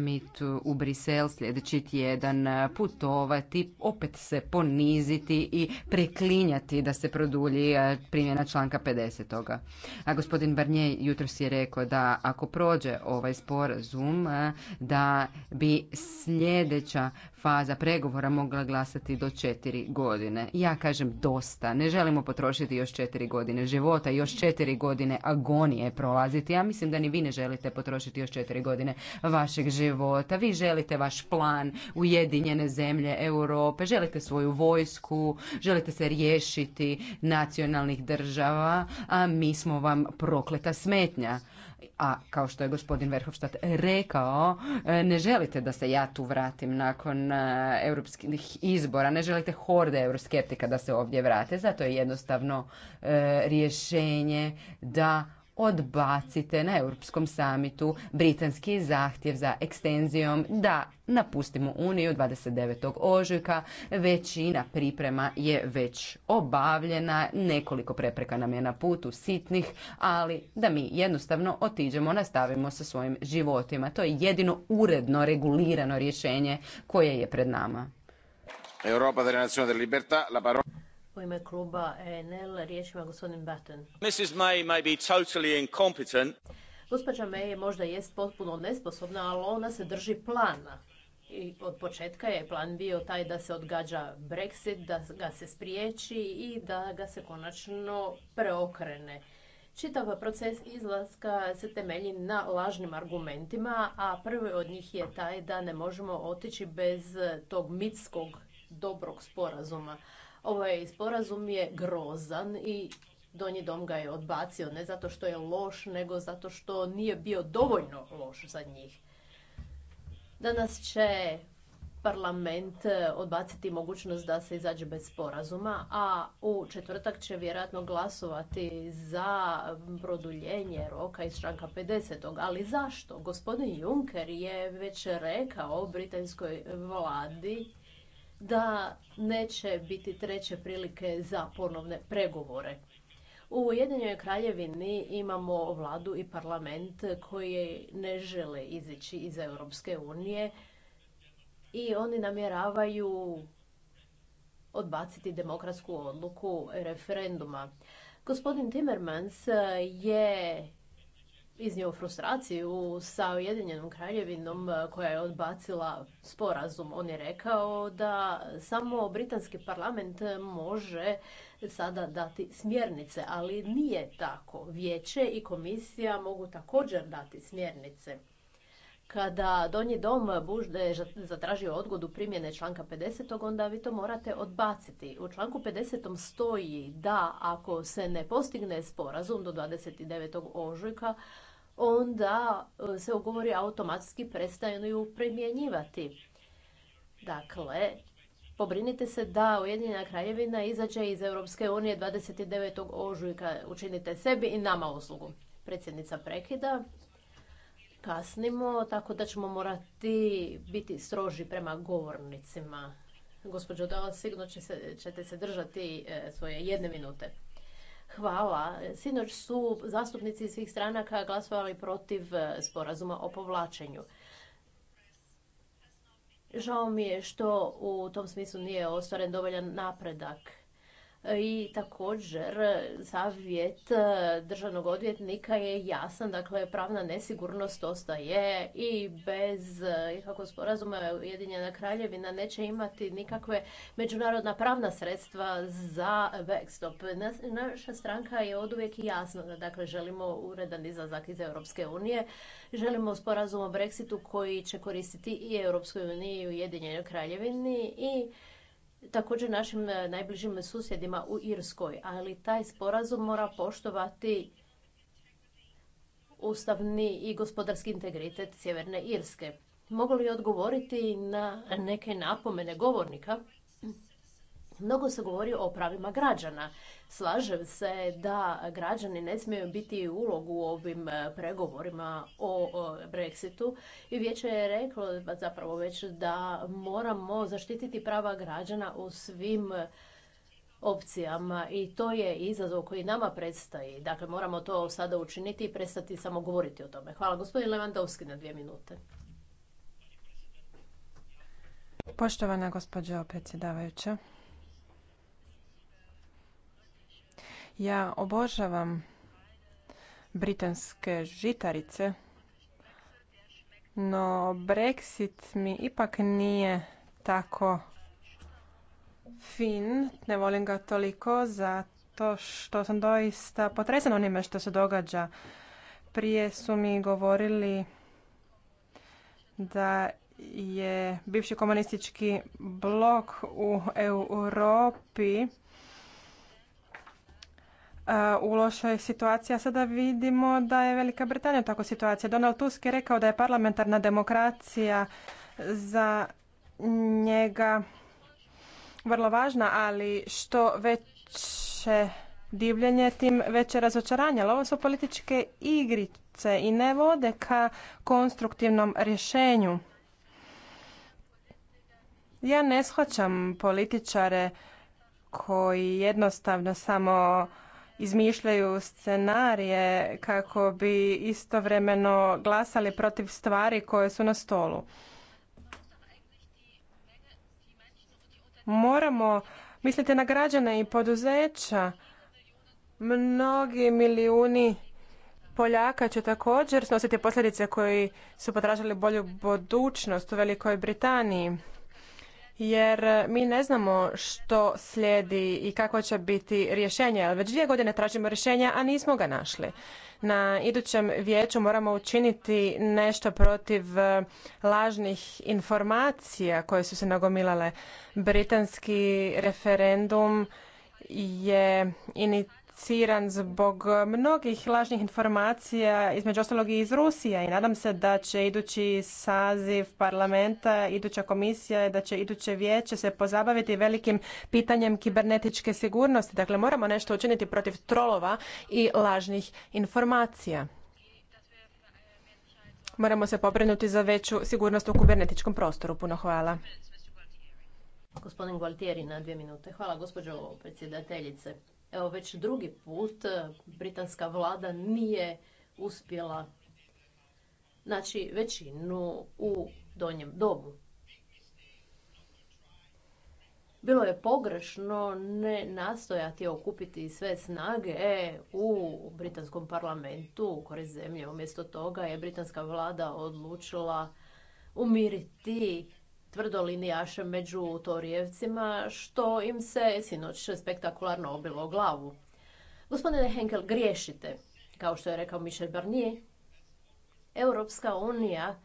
summit u Brisel sljedeći tjedan putovati, opet se poniziti i preklinjati da se produlji primjena članka 50. A gospodin Barnje jutros je rekao da ako prođe ovaj sporazum, da bi sljedeća faza pregovora mogla glasati do četiri godine. Ja kažem dosta, ne želimo potrošiti još četiri godine života, još četiri godine agonije prolaziti. Ja mislim da ni vi ne želite potrošiti još četiri godine vašeg života. Vi želite vaš plan Ujedinjene zemlje Europe, želite svoju vojsku, želite se riješiti nacionalnih država, a mi smo vam prokleta smetnja a kao što je gospodin Verhofstadt rekao, e, ne želite da se ja tu vratim nakon e, europskih izbora, ne želite horde euroskeptika da se ovdje vrate, zato je jednostavno e, rješenje da odbacite na Europskom samitu britanski zahtjev za ekstenzijom da napustimo Uniju 29. ožujka. Većina priprema je već obavljena, nekoliko prepreka nam je na putu, sitnih, ali da mi jednostavno otiđemo, nastavimo sa svojim životima. To je jedino uredno regulirano rješenje koje je pred nama. Europa ime kluba ENL riječ gospodin Batten. Mrs. May may Gospođa May možda jest potpuno nesposobna, ali ona se drži plana. I od početka je plan bio taj da se odgađa Brexit, da ga se spriječi i da ga se konačno preokrene. Čitav proces izlaska se temelji na lažnim argumentima, a prvi od njih je taj da ne možemo otići bez tog mitskog dobrog sporazuma. Ovaj sporazum je grozan i Donji dom ga je odbacio ne zato što je loš, nego zato što nije bio dovoljno loš za njih. Danas će parlament e, odbaciti mogućnost da se izađe bez sporazuma, a u četvrtak će vjerojatno glasovati za produljenje roka iz članka 50. Ali zašto? Gospodin Juncker je već rekao britanskoj vladi da neće biti treće prilike za ponovne pregovore. U Ujedinjenoj kraljevini imamo vladu i parlament koji ne žele izići iz Europske unije i oni namjeravaju odbaciti demokratsku odluku referenduma. Gospodin Timmermans je iznio frustraciju sa Ujedinjenom kraljevinom e, koja je odbacila sporazum. On je rekao da samo britanski parlament može sada dati smjernice, ali nije tako. Vijeće i komisija mogu također dati smjernice. Kada Donji dom bude zatražio odgodu primjene članka 50. onda vi to morate odbaciti. U članku 50. stoji da ako se ne postigne sporazum do 29. ožujka, onda e, se ugovori automatski prestaju primjenjivati. Dakle, pobrinite se da Ujedinjena kraljevina izađe iz Europske unije 29. ožujka. Učinite sebi i nama uslugu. Predsjednica prekida. Kasnimo, tako da ćemo morati biti stroži prema govornicima. Gospođo Dalas, sigurno će se, ćete se držati e, svoje jedne minute. Hvala. Sinoć su zastupnici svih stranaka glasovali protiv e, sporazuma o povlačenju. Žao mi je što u tom smislu nije ostvaren dovoljan napredak. E, i također savjet e, državnog odvjetnika je jasan, dakle pravna nesigurnost ostaje i bez e, ikakvog sporazuma Ujedinjena kraljevina neće imati nikakve međunarodna pravna sredstva za backstop. Naša stranka je od uvijek jasna, dakle želimo uredan izlazak iz Europske unije, želimo sporazum o Brexitu koji će koristiti i Europskoj uniji i Ujedinjenoj kraljevini i također našim e, najbližim susjedima u Irskoj, ali taj sporazum mora poštovati ustavni i gospodarski integritet Sjeverne Irske. Mogu li odgovoriti na neke napomene govornika Mnogo se govori o pravima građana. Slažem se da građani ne smiju biti ulogu u ovim e, pregovorima o Brexitu i vijeće je reklo zapravo već da moramo zaštititi prava građana u svim e, opcijama i to je izazov koji nama predstoji. Dakle, moramo to sada učiniti i prestati samo govoriti o tome. Hvala. Gospodin Levandovski na dvije minute. Poštovana gospođo predsjedavajuća, Ja obožavam britanske žitarice, no Brexit mi ipak nije tako fin, ne volim ga toliko zato što sam doista potresena onime što se događa. Prije su mi govorili da je bivši komunistički blok u Europi u lošoj situaciji, a sada vidimo da je Velika Britanija u takvoj situaciji. Donald Tusk je rekao da je parlamentarna demokracija za njega vrlo važna, ali što veće divljenje, tim veće razočaranje. Ali ovo su političke igrice i ne vode ka konstruktivnom rješenju. Ja ne shvaćam političare koji jednostavno samo izmišljaju scenarije kako bi istovremeno glasali protiv stvari koje su na stolu. Moramo misliti na građane i poduzeća. Mnogi milijuni Poljaka će također snositi posljedice koji su potražili bolju budućnost u Velikoj Britaniji jer eh, mi ne znamo što slijedi i kako će biti rješenje, ali već dvije godine tražimo rješenja, a nismo ga našli. Na idućem vijeću moramo učiniti nešto protiv eh, lažnih informacija koje su se nagomilale. Britanski referendum je ni inficiran zbog mnogih lažnih informacija, između ostalog i iz Rusije. I nadam se da će idući saziv parlamenta, iduća komisija, da će iduće vijeće se pozabaviti velikim pitanjem kibernetičke sigurnosti. Dakle, moramo nešto učiniti protiv trolova i lažnih informacija. Moramo se pobrinuti za veću sigurnost u kibernetičkom prostoru. Puno hvala. Gospodin Gualtieri na dvije minute. Hvala gospođo predsjedateljice. Evo već drugi put e, britanska vlada nije uspjela naći većinu u donjem domu. Bilo je pogrešno ne nastojati okupiti sve snage e, u britanskom parlamentu u korist zemlje. Umjesto toga je britanska vlada odlučila umiriti tvrdolinijaše među Torijevcima, što im se sinoć spektakularno obilo glavu. Gospodine Henkel, griješite. Kao što je rekao Michel Barnier, Europska unija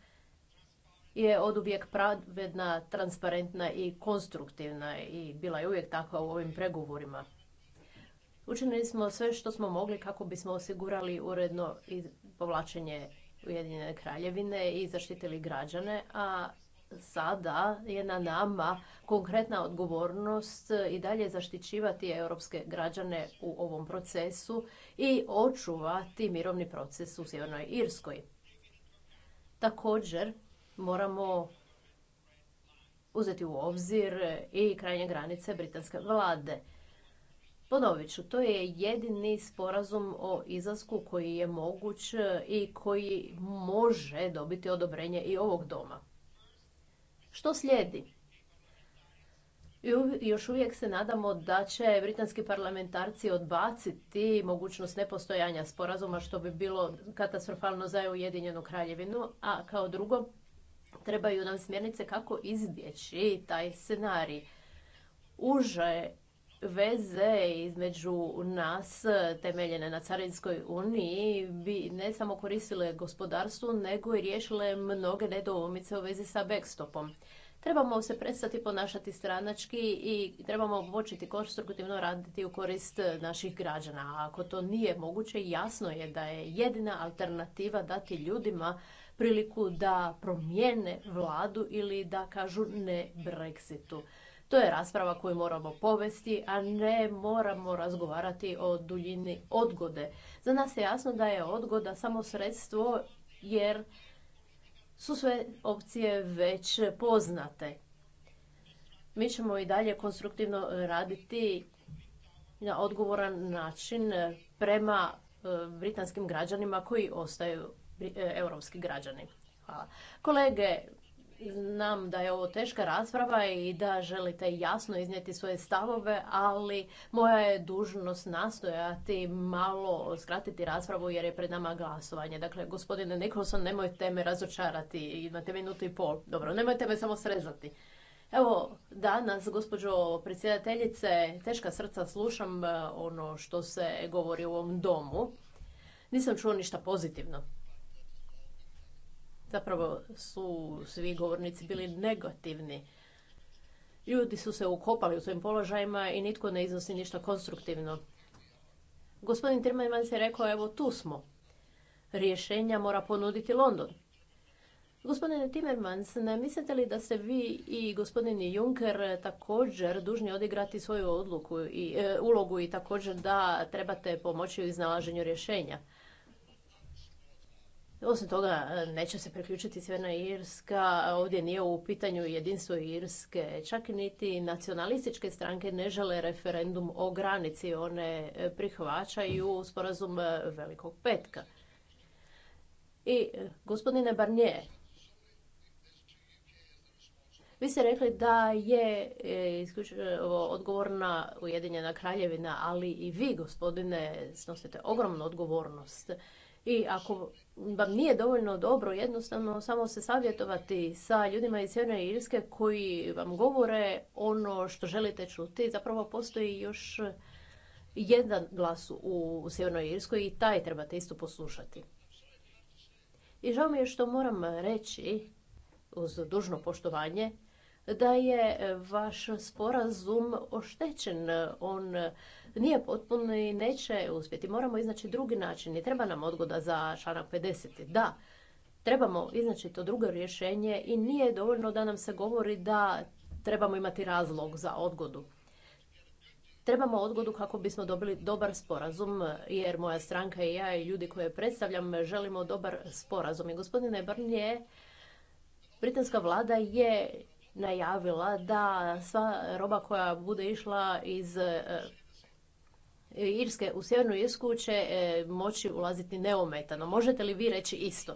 je od uvijek pravedna, transparentna i konstruktivna i bila je uvijek takva u ovim pregovorima. Učinili smo sve što smo mogli kako bismo osigurali uredno povlačenje Ujedinjene kraljevine i zaštitili građane, a sada je na nama konkretna odgovornost eh, i dalje zaštićivati europske građane u ovom procesu i očuvati mirovni proces u Sjevernoj Irskoj. Također moramo uzeti u obzir eh, i krajnje granice britanske vlade. Ponovit ću, to je jedini sporazum o izlasku koji je moguć eh, i koji može dobiti odobrenje i ovog doma. Što slijedi? Još uvijek se nadamo da će britanski parlamentarci odbaciti mogućnost nepostojanja sporazuma što bi bilo katastrofalno za Ujedinjenu kraljevinu, a kao drugo trebaju nam smjernice kako izbjeći taj scenarij. Uže veze između nas temeljene na Carinskoj uniji bi ne samo koristile gospodarstvu nego i riješile mnoge nedoumice u vezi sa backstopom. Trebamo se prestati ponašati stranački i trebamo početi konstruktivno raditi u korist naših građana. ako to nije moguće, jasno je da je jedina alternativa dati ljudima priliku da promijene vladu ili da kažu ne Brexitu. To je rasprava koju moramo povesti, a ne moramo razgovarati o duljini odgode. Za nas je jasno da je odgoda samo sredstvo jer su sve opcije već poznate. Mi ćemo i dalje konstruktivno raditi na odgovoran način prema e, britanskim građanima koji ostaju e, europski građani. Hvala. Kolege, Znam da je ovo teška rasprava i da želite jasno iznijeti svoje stavove, ali moja je dužnost nastojati malo skratiti raspravu jer je pred nama glasovanje. Dakle, gospodine Nikolson, nemojte me razočarati, imate minutu i pol. Dobro, nemojte me samo srezati. Evo, danas, gospođo predsjedateljice, teška srca slušam e, ono što se govori u ovom domu. Nisam čuo ništa pozitivno. Zapravo su svi govornici bili negativni. Ljudi su se ukopali u svojim položajima i nitko ne iznosi ništa konstruktivno. Gospodin Timmermans je rekao, evo tu smo. Rješenja mora ponuditi London. Gospodine Timmermans, ne mislite li da ste vi i gospodin Juncker također dužni odigrati svoju odluku i, e, ulogu i također da trebate pomoći u iznalaženju rješenja? Osim toga, neće se priključiti Sjeverna Irska, ovdje nije u pitanju jedinstvo Irske, čak niti nacionalističke stranke ne žele referendum o granici, one prihvaćaju sporazum Velikog petka. I gospodine Barnier, vi ste rekli da je e, isključivo odgovorna Ujedinjena kraljevina, ali i vi, gospodine, snosite ogromnu odgovornost. I ako vam nije dovoljno dobro, jednostavno samo se savjetovati sa ljudima iz Sjeverne Irske koji vam govore ono što želite čuti. Zapravo postoji još jedan glas u Sjevernoj Irskoj i taj trebate isto poslušati. I žao mi je što moram reći, uz dužno poštovanje, da je e, vaš sporazum oštećen. On e, nije potpuno i neće uspjeti. Moramo iznaći drugi način. I treba nam odgoda za članak 50. Da, trebamo iznaći to drugo rješenje i nije dovoljno da nam se govori da trebamo imati razlog za odgodu. Trebamo odgodu kako bismo dobili dobar sporazum, jer moja stranka i ja i ljudi koje predstavljam želimo dobar sporazum. I gospodine Brnje, britanska vlada je najavila da sva roba koja bude išla iz e, Irske u Sjevernu Irsku će e, moći ulaziti neometano. Možete li vi reći isto?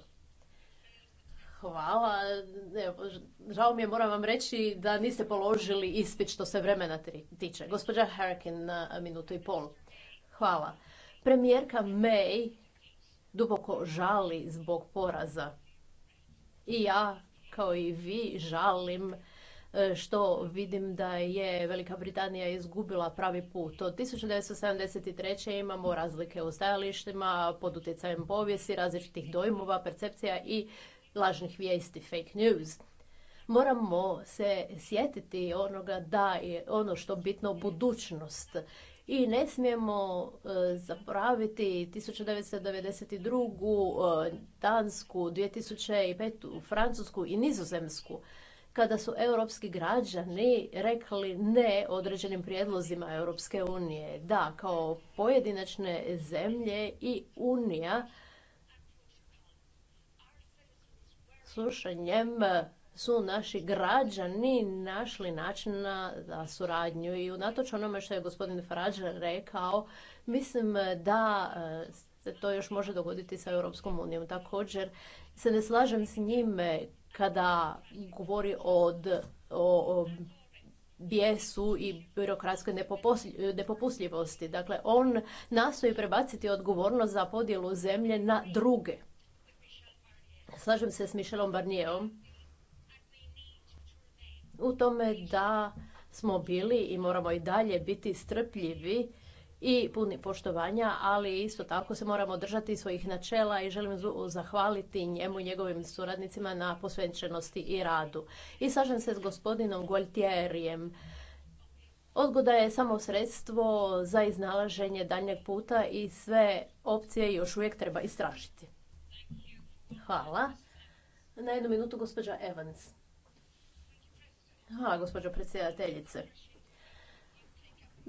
Hvala. žao mi je, moram vam reći da niste položili ispit što se vremena tiče. Gospođa Harkin na minutu i pol. Hvala. Premijerka May duboko žali zbog poraza. I ja, kao i vi, žalim E, što vidim da je Velika Britanija izgubila pravi put. Od 1973. imamo razlike u stajalištima, pod utjecajem povijesti, različitih dojmova, percepcija i lažnih vijesti, fake news. Moramo se sjetiti onoga da je ono što bitno budućnost i ne smijemo e, zaboraviti 1992. E, Dansku, 2005. Francusku i Nizozemsku kada su europski građani rekli ne određenim prijedlozima Europske unije. Da, kao pojedinačne zemlje i Unija slušanjem su naši građani našli način na suradnju i unatoč onome što je gospodin Farage rekao, mislim da e, se to još može dogoditi sa Europskom unijom. Također se ne slažem s njime kada govori o, o bijesu i birokratskoj nepopusljivosti. Dakle, on nastoji prebaciti odgovornost za podjelu zemlje na druge. Slažem se s Michelom Barnijevom u tome da smo bili i moramo i dalje biti strpljivi i puni poštovanja, ali isto tako se moramo držati svojih načela i želim zahvaliti njemu i njegovim suradnicima na posvećenosti i radu. I slažem se s gospodinom Gualtierijem. Odgoda je samo sredstvo za iznalaženje daljnjeg puta i sve opcije još uvijek treba istražiti. Hvala. Na jednu minutu gospođa Evans. Hvala gospođo predsjedateljice.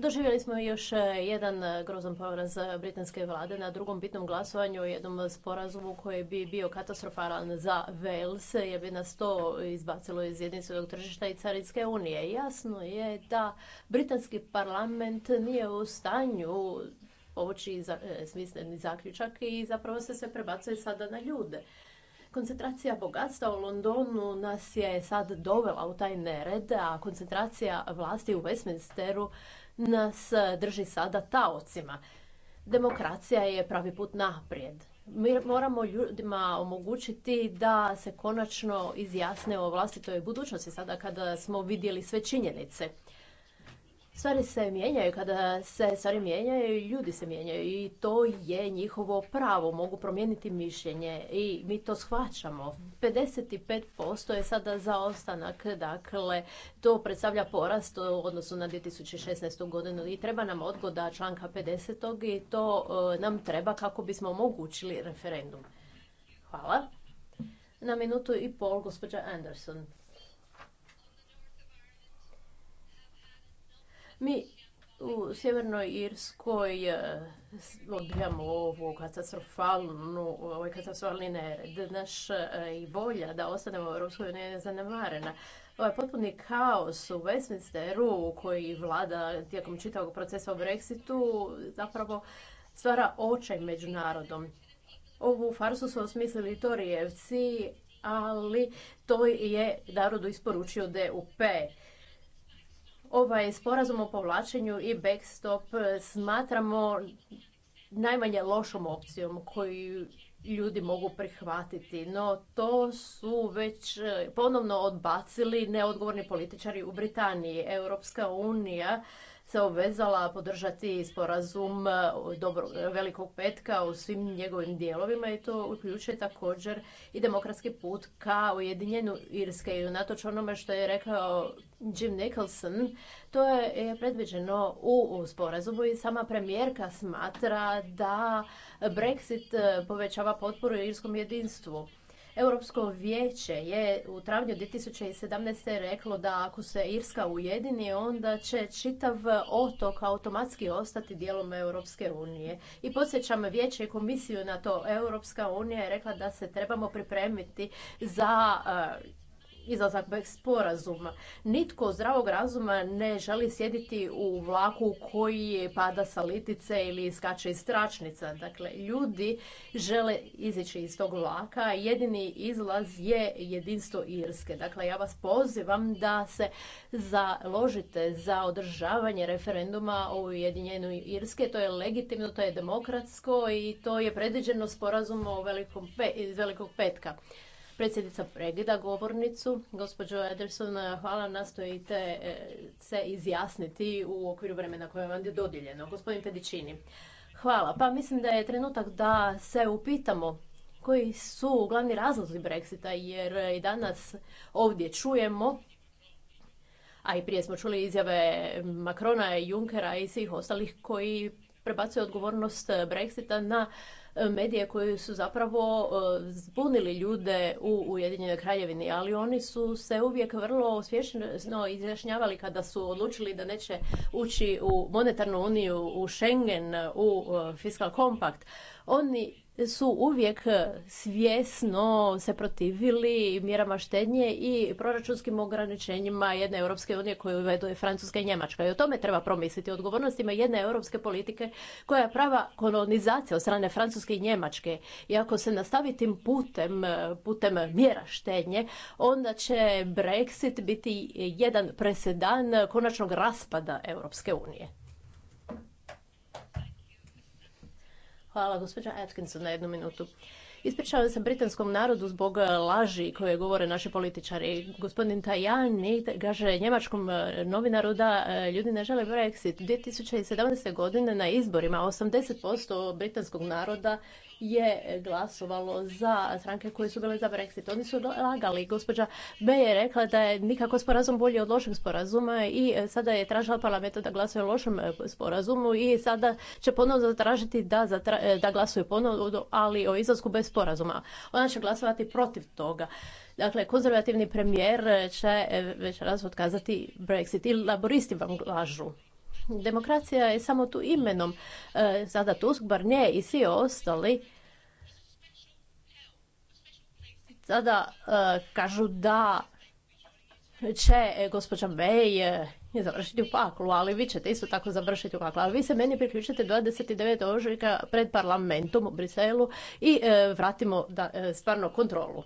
Doživjeli smo još e, jedan e, grozan poraz e, britanske vlade na drugom bitnom glasovanju o jednom sporazumu koji bi bio katastrofalan za Wales jer bi nas to izbacilo iz jedinstvenog tržišta i carinske unije. Jasno je da britanski parlament nije u stanju povući smisleni zaključak i zapravo se sve prebacuje sada na ljude. Koncentracija bogatstva u Londonu nas je sad dovela u taj nered, a koncentracija vlasti u Westminsteru nas e, drži sada taocima. Demokracija je pravi put naprijed. Mi moramo ljudima omogućiti da se konačno izjasne o vlastitoj budućnosti sada kada smo vidjeli sve činjenice. Stvari se mijenjaju, kada se stvari mijenjaju, ljudi se mijenjaju i to je njihovo pravo, mogu promijeniti mišljenje i mi to shvaćamo. 55% je sada za dakle to predstavlja porast u odnosu na 2016. godinu i treba nam odgoda članka 50. i to e, nam treba kako bismo omogućili referendum. Hvala. Na minutu i pol, gospođa Anderson. Mi u Sjevernoj Irskoj e, odbijamo ovu katastrofalnu, ovaj katastrofalni nered. Naš e, i volja da ostanemo u Europskoj uniji je zanemarena. Ovaj potpuni kaos u Westminsteru koji vlada tijekom čitavog procesa u Brexitu zapravo stvara očaj među narodom. Ovu farsu su osmislili Torijevci, ali to je narodu isporučio DUP ovaj sporazum o povlačenju i backstop smatramo najmanje lošom opcijom koju ljudi mogu prihvatiti, no to su već e, ponovno odbacili neodgovorni političari u Britaniji. Europska unija se obvezala podržati sporazum e, dobro, Velikog petka u svim njegovim dijelovima i to uključuje također i demokratski put ka ujedinjenju Irske i unatoč onome što je rekao Jim Nicholson, to je predviđeno u sporazumu i sama premijerka smatra da Brexit e, povećava potporu irskom jedinstvu. Europsko vijeće je u travnju 2017. reklo da ako se Irska ujedini, onda će čitav otok automatski ostati dijelom Europske unije. I podsjećam vijeće i komisiju na to. Europska unija je rekla da se trebamo pripremiti za e, izlazak bez sporazuma. Nitko zdravog razuma ne želi sjediti u vlaku koji pada sa litice ili iskače iz tračnica. Dakle, ljudi žele izići iz tog vlaka. Jedini izlaz je jedinstvo Irske. Dakle, ja vas pozivam da se založite za održavanje referenduma o Ujedinjenju Irske. To je legitimno, to je demokratsko i to je predviđeno sporazumom iz velikog petka. Predsjednica pregida govornicu. Gospođo Ederson, hvala nastojite eh, se izjasniti u okviru vremena koje vam je dodijeljeno. Gospodin Pedičini, hvala. Pa mislim da je trenutak da se upitamo koji su glavni razlozi Brexita, jer i danas ovdje čujemo a i prije smo čuli izjave Makrona, Junkera i svih ostalih koji prebacuju odgovornost Brexita na E, medije koji su zapravo e, zbunili ljude u Ujedinjenoj kraljevini, ali oni su se uvijek vrlo uspješno izjašnjavali kada su odlučili da neće ući u monetarnu uniju, u Schengen, u e, fiskal kompakt. Oni su uvijek e, svjesno se protivili mjerama štednje i proračunskim ograničenjima jedne Europske unije koju uvedu Francuska i Njemačka. I o tome treba promisliti. Odgovornostima jedne europske politike koja je prava kolonizacija od strane Francuske i Njemačke. I ako se nastavi tim putem, e, putem mjera štednje, onda će Brexit biti jedan presedan konačnog raspada Europske unije. Hvala, gospođa Atkinson, na jednu minutu. Ispričavam se britanskom narodu zbog e, laži koje govore naši političari. Gospodin Tajani gaže njemačkom e, novinaru da e, ljudi ne žele Brexit. 2017. godine na izborima 80% britanskog naroda je glasovalo za stranke koje su bile za Brexit. Oni su lagali. Gospođa B je rekla da je nikako sporazum bolji od lošeg sporazuma i sada je tražila parlamenta da glasuje o lošem e, sporazumu i sada će ponovno zatražiti da, e, da glasuje ponovno, ali o izlasku bez sporazuma. Ona će glasovati protiv toga. Dakle, konzervativni premijer će e, već raz otkazati Brexit i laboristi vam lažu. Demokracija je samo tu imenom. E, sada Tusk, Barnier i svi ostali sada e, kažu da će e, gospođa May završiti u paklu, ali vi ćete isto tako završiti u paklu. Ali vi se meni priključite 29. ožujka pred parlamentom u Briselu i vratimo stvarno kontrolu.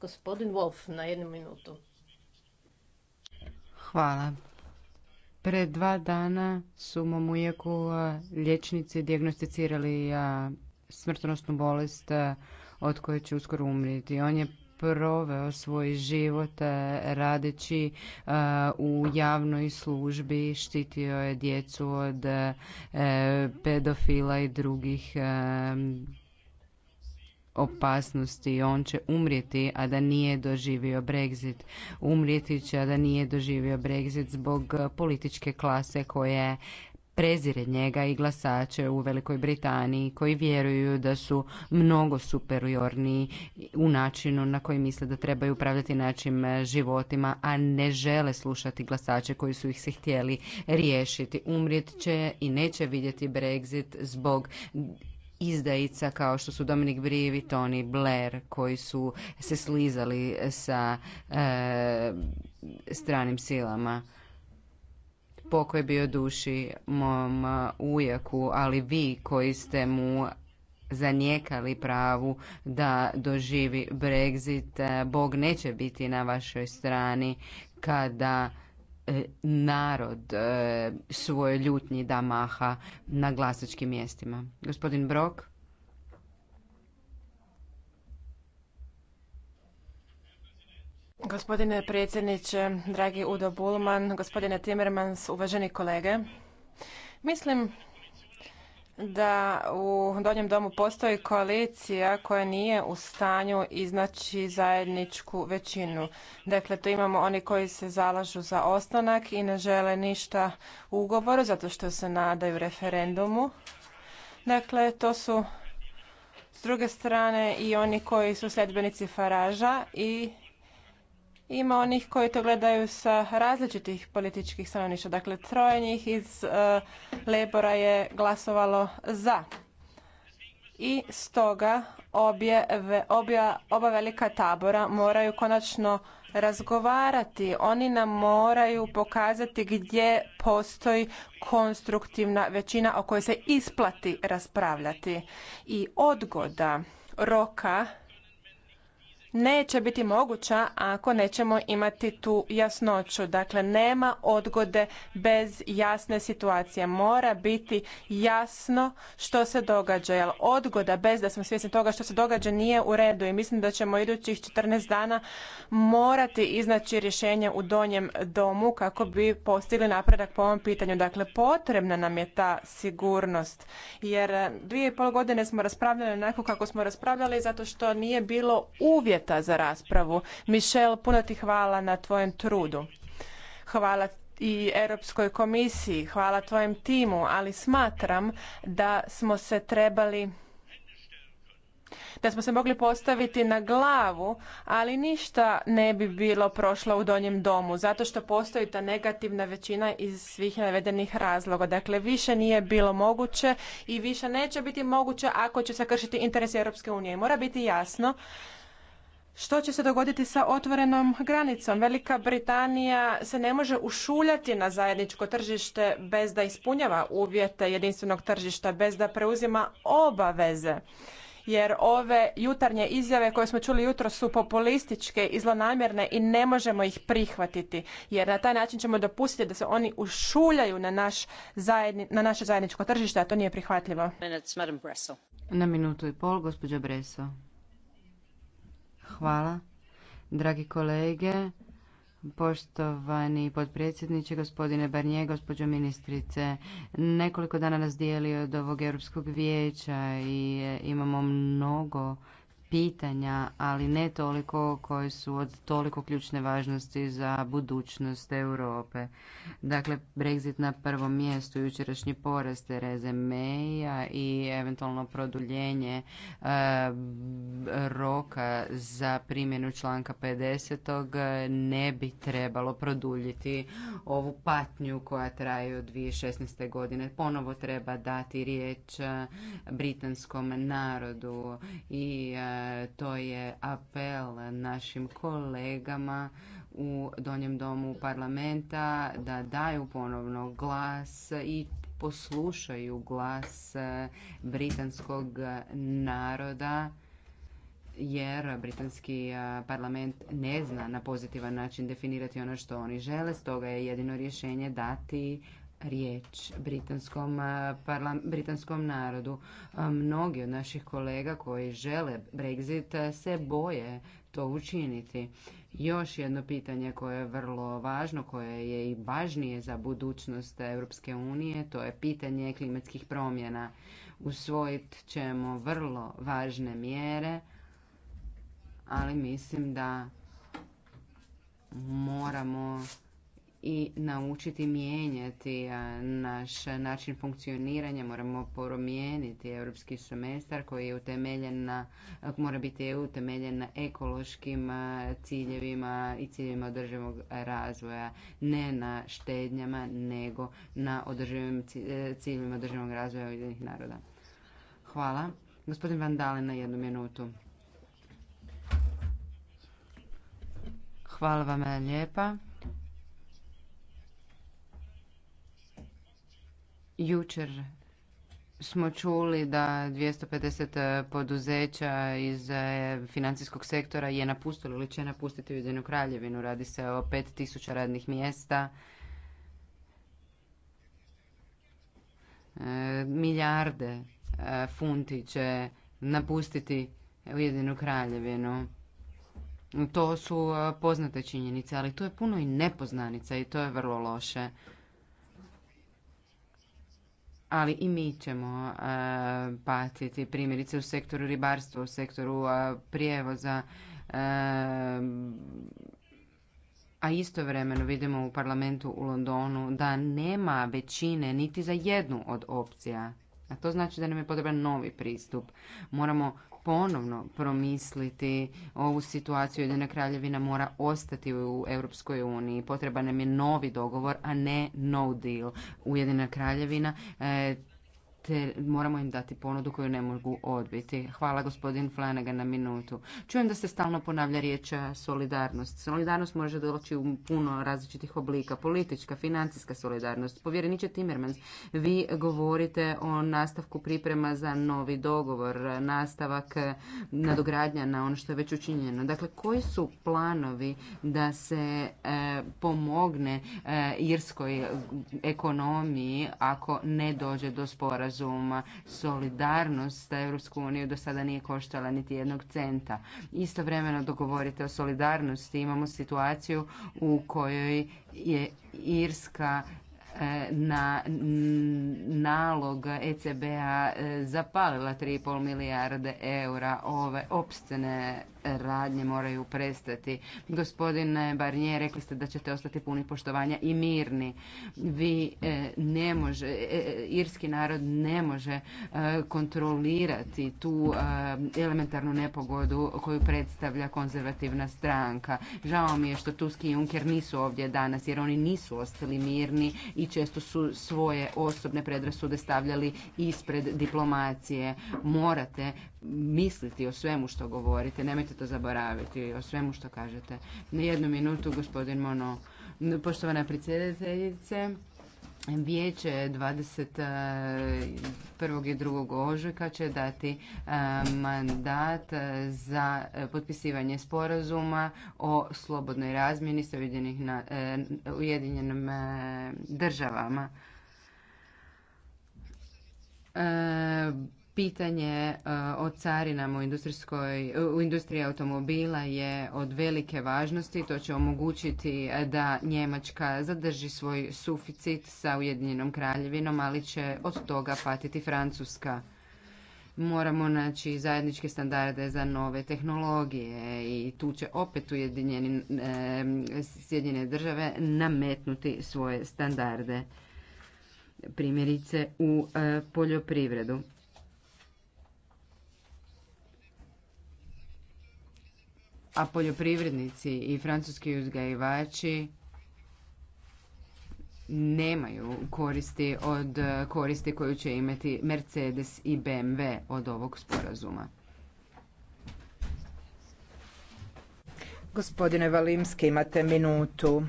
Gospodin Wolf na jednu minutu. Hvala Pred dva dana su Momujeku ujeku liječnici dijagnosticirali smrtonosnu bolest od koje će uskoro umrijeti. On je proveo svoj život radeći u javnoj službi, štitio je djecu od e, pedofila i drugih opasnosti. On će umrijeti, a da nije doživio Brexit. Umrijeti će, a da nije doživio Brexit zbog eh, političke klase koje prezire njega i glasače u Velikoj Britaniji koji vjeruju da su mnogo superiorniji u načinu na koji misle da trebaju upravljati našim eh, životima, a ne žele slušati glasače koji su ih se htjeli riješiti. Umrijet će i neće vidjeti Brexit zbog izdajica kao što su Dominik Brijevi, Tony Blair koji su se slizali sa e, stranim silama. Pokoj bio duši mom e, ujaku, ali vi koji ste mu zanijekali pravu da doživi Brexit, e, Bog neće biti na vašoj strani kada E, narod e, svoje ljutnji da maha na glasačkim mjestima. Gospodin Brok. Gospodine predsjedniče, dragi Udo Bulman, gospodine Timmermans, uvaženi kolege. Mislim da u Donjem domu postoji koalicija koja nije u stanju iznaći zajedničku većinu. Dakle, tu imamo oni koji se zalažu za ostanak i ne žele ništa u ugovoru zato što se nadaju referendumu. Dakle, to su s druge strane i oni koji su sljedbenici Faraža i ima onih koji to gledaju sa različitih političkih stanovništva. Dakle, troje njih iz e, Lebora je glasovalo za. I stoga obje, obja, oba velika tabora moraju konačno razgovarati. Oni nam moraju pokazati gdje postoji konstruktivna većina o kojoj se isplati raspravljati. I odgoda roka neće biti moguća ako nećemo imati tu jasnoću. Dakle, nema odgode bez jasne situacije. Mora biti jasno što se događa. jel odgoda bez da smo svjesni toga što se događa nije u redu i mislim da ćemo idućih 14 dana morati iznaći rješenje u donjem domu kako bi postigli napredak po ovom pitanju. Dakle, potrebna nam je ta sigurnost. Jer dvije i pol godine smo raspravljali onako kako smo raspravljali zato što nije bilo uvjet za raspravu. Michel, puno ti hvala na tvojem trudu. Hvala i Europskoj komisiji, hvala tvojem timu, ali smatram da smo se trebali da smo se mogli postaviti na glavu, ali ništa ne bi bilo prošlo u donjem domu, zato što postoji ta negativna većina iz svih navedenih razloga. Dakle, više nije bilo moguće i više neće biti moguće ako će se kršiti interes Europske unije. Mora biti jasno što će se dogoditi sa otvorenom granicom? Velika Britanija se ne može ušuljati na zajedničko tržište bez da ispunjava uvjete jedinstvenog tržišta, bez da preuzima obaveze. Jer ove jutarnje izjave koje smo čuli jutro su populističke i zlonamjerne i ne možemo ih prihvatiti. Jer na taj način ćemo dopustiti da se oni ušuljaju na, naš naše zajedničko tržište, a to nije prihvatljivo. Na minutu i pol, gospođa Breso. Hvala. Dragi kolege, Poštovani potpredsjedniče, gospodine Barnije, gospođo ministrice, nekoliko dana nas dijeli od ovog Europskog vijeća i e, imamo mnogo pitanja, ali ne toliko koje su od toliko ključne važnosti za budućnost Europe. Dakle, Brexit na prvom mjestu, jučerašnji porast Tereze May, eventualno produljenje e, roka za primjenu članka 50. E, ne bi trebalo produljiti ovu patnju koja traje od 2016. godine. Ponovo treba dati riječ e, britanskom narodu i to je apel našim kolegama u donjem domu parlamenta da daju ponovno glas i poslušaju glas e, britanskog naroda jer britanski e, parlament ne zna na pozitivan način definirati ono što oni žele, stoga je jedino rješenje dati riječ britanskom, e, britanskom narodu. Mnogi od naših kolega koji žele Brexit se boje to učiniti. Još jedno pitanje koje je vrlo važno, koje je i važnije za budućnost Europske unije, to je pitanje klimatskih promjena. Usvojit ćemo vrlo važne mjere, ali mislim da moramo i naučiti mijenjati naš način funkcioniranja. Moramo promijeniti europski semestar koji je utemeljen na, mora biti utemeljen na ekološkim ciljevima i ciljevima održivog razvoja. Ne na štednjama, nego na održivim e, ciljevima održivog razvoja Ujedinih naroda. Hvala. Gospodin Van Dalen na jednu minutu. Hvala vam lijepa. Jučer smo čuli da 250 poduzeća iz e, financijskog sektora je napustilo ili će napustiti Ujedinjenu kraljevinu. Radi se o 5000 radnih mjesta, e, milijarde e, funti će napustiti Ujedinu kraljevinu. To su poznate činjenice, ali to je puno i nepoznanica i to je vrlo loše ali i mi ćemo e, patiti primjerice u sektoru ribarstva, u sektoru e, prijevoza, e, a istovremeno vidimo u parlamentu u Londonu da nema većine niti za jednu od opcija. A to znači da nam je potreban novi pristup. Moramo ponovno promisliti ovu situaciju. Jedina kraljevina mora ostati u Europskoj uniji. Potreban nam je novi dogovor, a ne no deal. Ujedina kraljevina eh, te moramo im dati ponudu koju ne mogu odbiti. Hvala gospodin Flanagan na minutu. Čujem da se stalno ponavlja riječ e, solidarnost. Solidarnost može doći u puno različitih oblika, politička, financijska solidarnost. Povjereniče Timmermans, vi govorite o nastavku priprema za novi dogovor, nastavak e, nadogradnja na ono što je već učinjeno. Dakle, koji su planovi da se e, pomogne irskoj ekonomiji ako ne dođe do sporazuma? sporazuma. Solidarnost Europsku uniju do sada nije koštala niti jednog centa. Istovremeno dogovorite o solidarnosti. Imamo situaciju u kojoj je Irska e, na nalog ECB-a e, zapalila 3,5 milijarde eura ove opstene radnje moraju prestati. Gospodine Barnije, rekli ste da ćete ostati puni poštovanja i mirni. Vi e, ne može, e, e, irski narod ne može kontrolirati tu elementarnu nepogodu koju predstavlja konzervativna stranka. Žao mi je što Tuski i nisu ovdje danas jer oni nisu ostali mirni i često su svoje osobne predrasude stavljali ispred diplomacije. Morate misliti o svemu što govorite. Nemojte to zaboraviti o svemu što kažete. Na jednu minutu, gospodin Mono. Poštovana predsjedateljice, Vijeće 21. i 2. ožujka će dati e, mandat za potpisivanje sporazuma o slobodnoj razmjeni sa e, Ujedinjenim e, državama. Pitanje e, o carinama u, industriji automobila je od velike važnosti. To će omogućiti da Njemačka zadrži svoj suficit sa Ujedinjenom kraljevinom, ali će od toga patiti Francuska. Moramo naći zajedničke standarde za nove tehnologije i tu će opet Ujedinjeni e, Sjedinjene države nametnuti svoje standarde primjerice u e, poljoprivredu. a poljoprivrednici i francuski uzgajivači nemaju koristi od koristi koju će imati Mercedes i BMW od ovog sporazuma. Gospodine Valimski, imate minutu.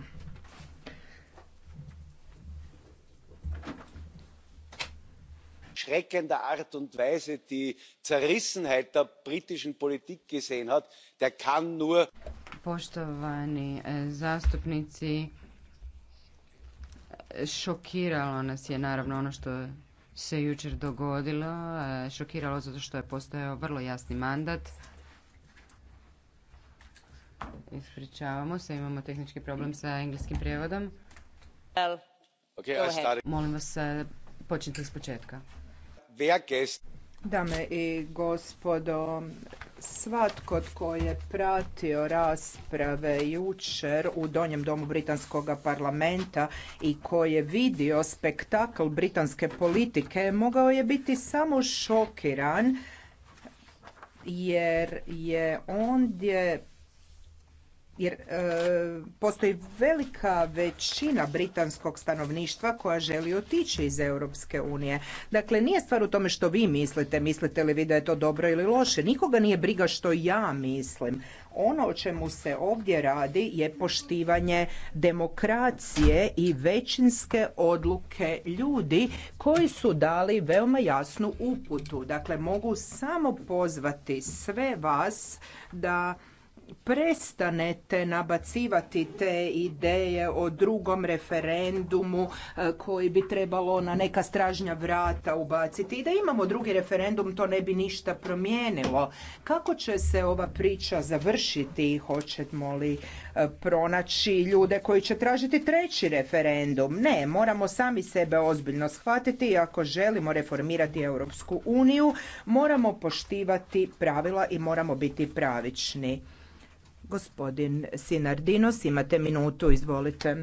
erschreckender art und weise die zerrissenheit der britischen politik gesehen hat der kann nur. poštovani eh, zastupnici eh, šokiralo nas je naravno ono što se jučer dogodilo eh, šokiralo zato što je postojao vrlo jasni mandat Ispričavamo se, imamo tehnički problem sa engleskim prijevodom. Molim vas, počnite iz početka. Dame i gospodo, svatko tko je pratio rasprave jučer u Donjem domu Britanskog parlamenta i ko je vidio spektakl britanske politike mogao je biti samo šokiran jer je ondje jer e, postoji velika većina britanskog stanovništva koja želi otići iz Europske unije. Dakle, nije stvar u tome što vi mislite, mislite li vi da je to dobro ili loše. Nikoga nije briga što ja mislim. Ono o čemu se ovdje radi je poštivanje demokracije i većinske odluke ljudi koji su dali veoma jasnu uputu. Dakle, mogu samo pozvati sve vas da prestanete nabacivati te ideje o drugom referendumu e, koji bi trebalo na neka stražnja vrata ubaciti i da imamo drugi referendum to ne bi ništa promijenilo. Kako će se ova priča završiti? Hoćemo li e, pronaći ljude koji će tražiti treći referendum? Ne, moramo sami sebe ozbiljno shvatiti i ako želimo reformirati Europsku uniju, moramo poštivati pravila i moramo biti pravični. Gospodin Sinardinos, imate minutu, izvolite.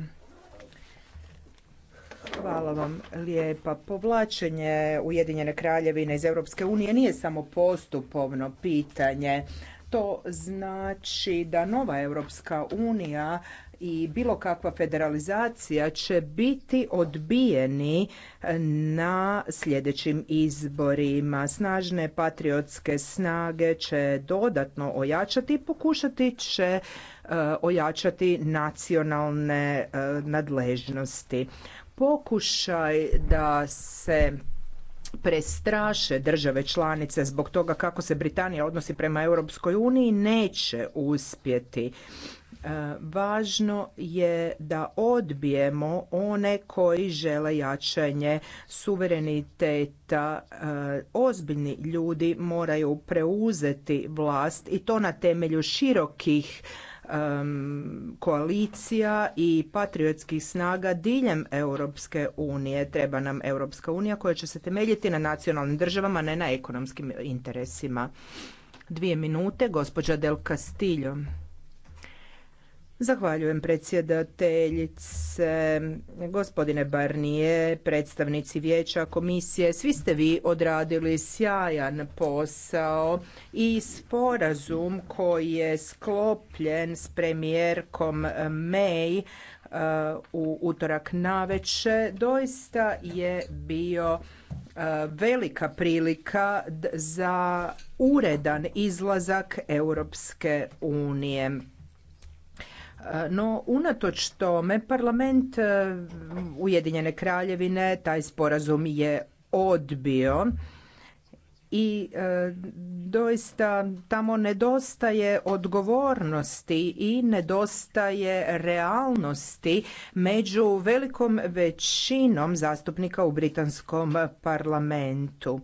Hvala vam lijepa. Povlačenje Ujedinjene kraljevine iz Europske unije nije samo postupovno pitanje. To znači da nova Europska unija i bilo kakva federalizacija će biti odbijeni na sljedećim izborima. Snažne patriotske snage će dodatno ojačati i pokušati će e, ojačati nacionalne e, nadležnosti. Pokušaj da se prestraše države članice zbog toga kako se Britanija odnosi prema Europskoj uniji neće uspjeti. Važno je da odbijemo one koji žele jačanje suvereniteta. E, ozbiljni ljudi moraju preuzeti vlast i to na temelju širokih koalicija i patriotskih snaga diljem Europske unije. Treba nam Europska unija koja će se temeljiti na nacionalnim državama, ne na ekonomskim interesima. Dvije minute, gospođa Del Castillo. Zahvaljujem predsjedateljice, gospodine Barnije, predstavnici vijeća, komisije. Svi ste vi odradili sjajan posao i sporazum koji je sklopljen s premijerkom May uh, u utorak naveče doista je bio uh, velika prilika za uredan izlazak Europske unije. No, unatoč tome, parlament e, Ujedinjene kraljevine taj sporazum je odbio i e, doista tamo nedostaje odgovornosti i nedostaje realnosti među velikom većinom zastupnika u britanskom parlamentu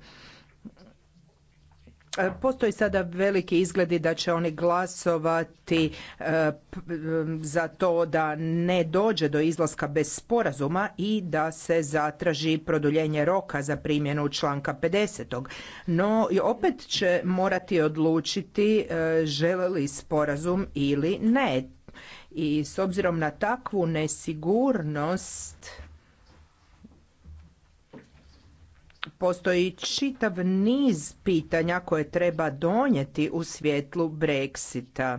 E, postoji sada veliki izgledi da će oni glasovati e, e, za to da ne dođe do izlaska bez sporazuma i da se zatraži produljenje roka za primjenu članka 50. No, opet će morati odlučiti žele li sporazum ili ne. I s obzirom na takvu nesigurnost postoji čitav niz pitanja koje treba donijeti u svjetlu Brexita.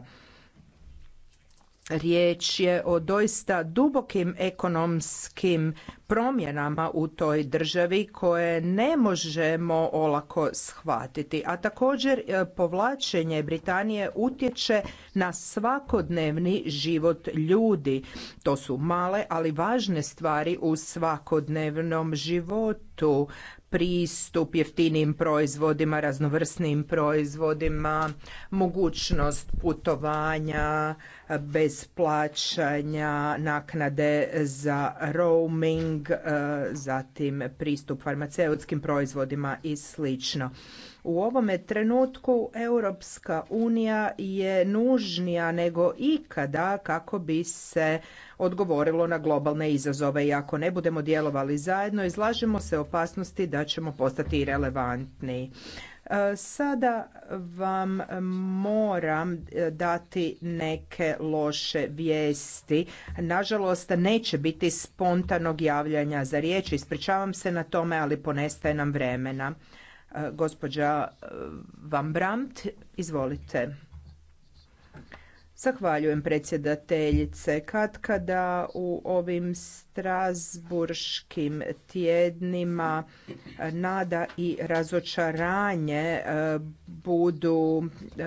Riječ je o doista dubokim ekonomskim promjenama u toj državi koje ne možemo olako shvatiti. A također e, povlačenje Britanije utječe na svakodnevni život ljudi. To su male, ali važne stvari u svakodnevnom životu pristup jeftinijim proizvodima, raznovrsnim proizvodima, mogućnost putovanja bez plaćanja naknade za roaming, e, zatim pristup farmaceutskim proizvodima i sl. U ovome trenutku Europska unija je nužnija nego ikada kako bi se odgovorilo na globalne izazove i ako ne budemo djelovali zajedno izlažemo se opasnosti da ćemo postati irelevantni. E, sada vam moram e, dati neke loše vijesti. Nažalost, neće biti spontanog javljanja za riječ. Ispričavam se na tome, ali ponestaje nam vremena. E, gospođa Van Brandt, izvolite. Zahvaljujem predsjedateljice. Katkada da u ovim strasburškim tjednima e, nada i razočaranje e, budu e,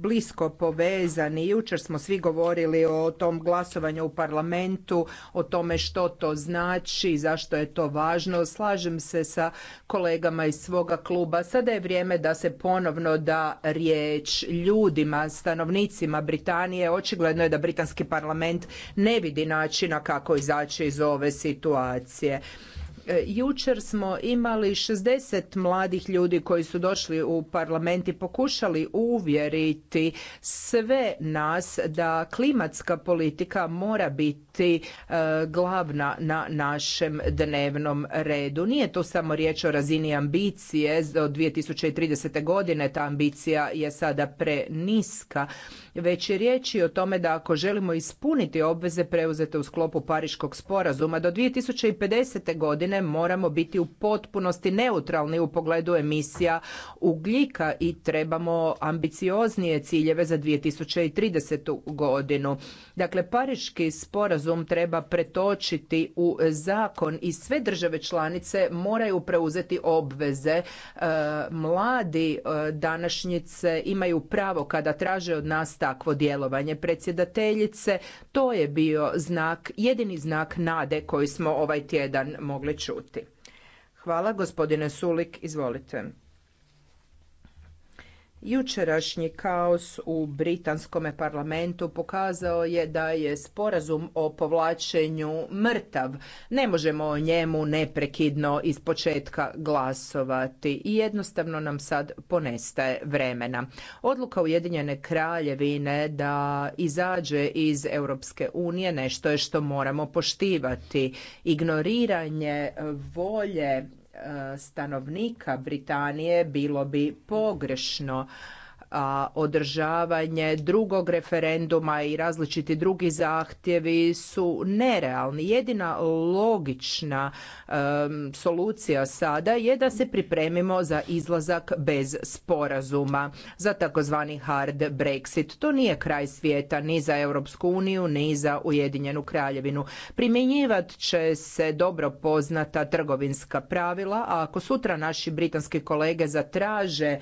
blisko povezani. Jučer smo svi govorili o tom glasovanju u parlamentu, o tome što to znači, zašto je to važno. Slažem se sa kolegama iz svoga kluba. Sada je vrijeme da se ponovno da riječ ljudima, stanovnicima Britanije. Očigledno je da britanski parlament ne vidi načina kako izaći iz ove situacije. E, jučer smo imali 60 mladih ljudi koji su došli u parlament i pokušali uvjeriti sve nas da klimatska politika mora biti e, glavna na našem dnevnom redu. Nije to samo riječ o razini ambicije do 2030. godine, ta ambicija je sada preniska već je riječ o tome da ako želimo ispuniti obveze preuzete u sklopu Pariškog sporazuma do 2050. godine moramo biti u potpunosti neutralni u pogledu emisija ugljika i trebamo ambicioznije ciljeve za 2030. godinu. Dakle, Pariški sporazum treba pretočiti u zakon i sve države članice moraju preuzeti obveze. E, mladi e, današnjice imaju pravo kada traže od nas takvo djelovanje predsjedateljice. To je bio znak, jedini znak nade koji smo ovaj tjedan mogli čuti. Hvala, gospodine Sulik, izvolite. Jučerašnji kaos u britanskom parlamentu pokazao je da je sporazum o povlačenju mrtav. Ne možemo o njemu neprekidno iz početka glasovati i jednostavno nam sad ponestaje vremena. Odluka Ujedinjene kraljevine da izađe iz Europske unije nešto je što moramo poštivati. Ignoriranje volje stanovnika Britanije bilo bi pogrešno a održavanje drugog referenduma i različiti drugi zahtjevi su nerealni. Jedina logična solucija sada je da se pripremimo za izlazak bez sporazuma, za takozvani hard Brexit. To nije kraj svijeta ni za Europsku uniju, ni za Ujedinjenu kraljevinu. Primjenjivat će se dobro poznata trgovinska pravila, a ako sutra naši britanski kolege zatraže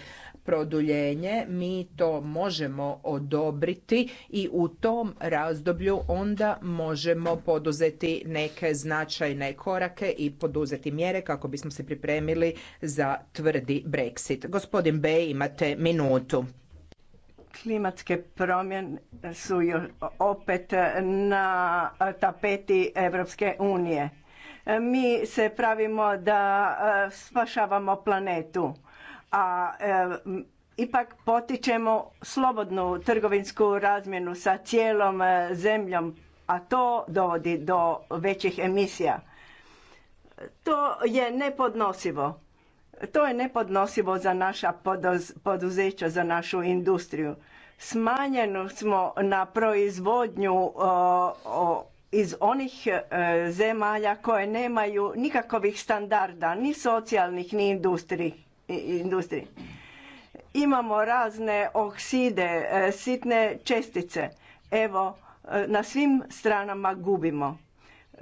produljenje, mi to možemo odobriti i u tom razdoblju onda možemo poduzeti neke značajne korake i poduzeti mjere kako bismo se pripremili za tvrdi Brexit. Gospodin B, imate minutu. Klimatske promjene su opet na tapeti Evropske unije. Mi se pravimo da spašavamo planetu a e, ipak potičemo slobodnu trgovinsku razmjenu sa cijelom e, zemljom, a to dovodi do većih emisija. To je nepodnosivo. To je nepodnosivo za naša poduzeća, za našu industriju. Smanjeni smo na proizvodnju e, iz onih zemalja koje nemaju nikakvih standarda, ni socijalnih, ni industriji industriji. Imamo razne okside, e, sitne čestice. Evo, e, na svim stranama gubimo.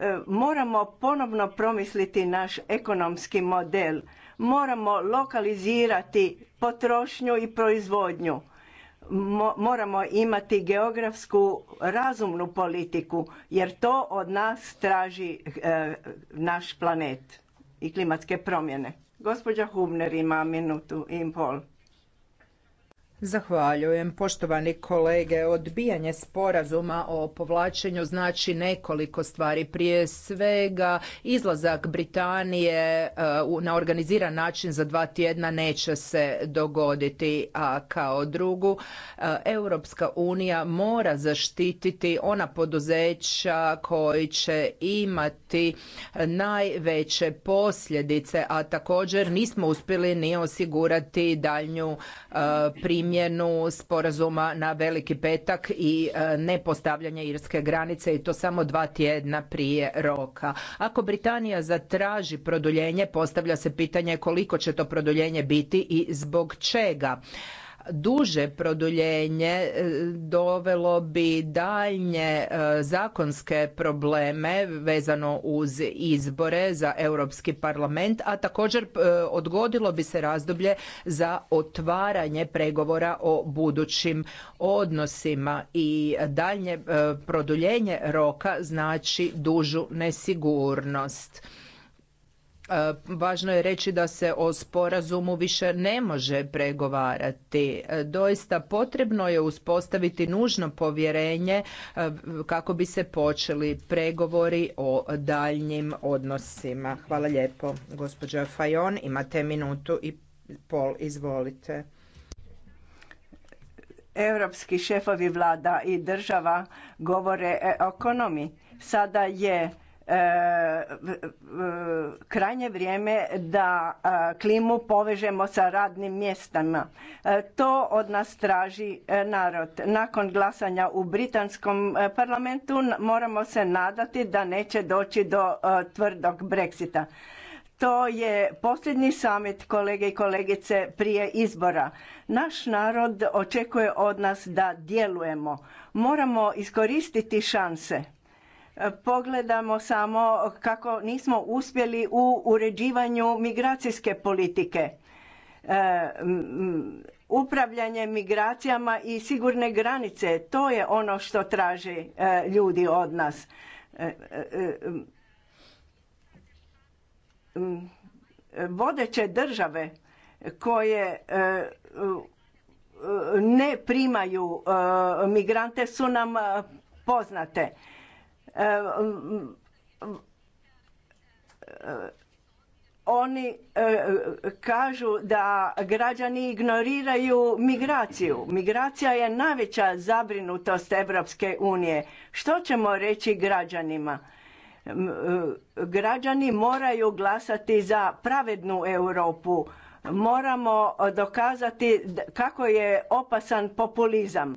E, moramo ponovno promisliti naš ekonomski model. Moramo lokalizirati potrošnju i proizvodnju moramo imati geografsku razumnu politiku jer to od nas traži naš planet i klimatske promjene. Gospođa Hubner ima minutu i pol. Zahvaljujem. Poštovani kolege, odbijanje sporazuma o povlačenju znači nekoliko stvari. Prije svega, izlazak Britanije uh, na organiziran način za dva tjedna neće se dogoditi, a kao drugu, uh, Europska unija mora zaštititi ona poduzeća koji će imati najveće posljedice, a također nismo uspjeli ni osigurati daljnju uh, primjenu primjenu sporazuma na Veliki petak i e, nepostavljanje irske granice i to samo dva tjedna prije roka. Ako Britanija zatraži produljenje, postavlja se pitanje koliko će to produljenje biti i zbog čega duže produljenje e, dovelo bi daljnje e, zakonske probleme vezano uz izbore za Europski parlament, a također e, odgodilo bi se razdoblje za otvaranje pregovora o budućim odnosima i daljnje produljenje roka znači dužu nesigurnost. E, važno je reći da se o sporazumu više ne može pregovarati. E, doista potrebno je uspostaviti nužno povjerenje e, kako bi se počeli pregovori o daljnjim odnosima. Hvala lijepo, gospođa Fajon. Imate minutu i pol, izvolite. Europski šefovi vlada i država govore o ekonomiji. Sada je E, krajnje vrijeme da e, klimu povežemo sa radnim mjestama. E, to od nas traži narod. Nakon glasanja u britanskom parlamentu moramo se nadati da neće doći do tvrdog Brexita. To je posljednji samit kolege i kolegice prije izbora. Naš narod očekuje od nas da djelujemo. Moramo iskoristiti šanse pogledamo samo kako nismo uspjeli u uređivanju migracijske politike e, upravljanje migracijama i sigurne granice to je ono što traže e, ljudi od nas e, vodeće države koje ne primaju migrante su nam poznate oni e, kažu da građani ignoriraju migraciju. Migracija je najveća zabrinutost Europske unije. Što ćemo reći građanima? E, građani moraju glasati za pravednu Europu. Moramo dokazati kako je opasan populizam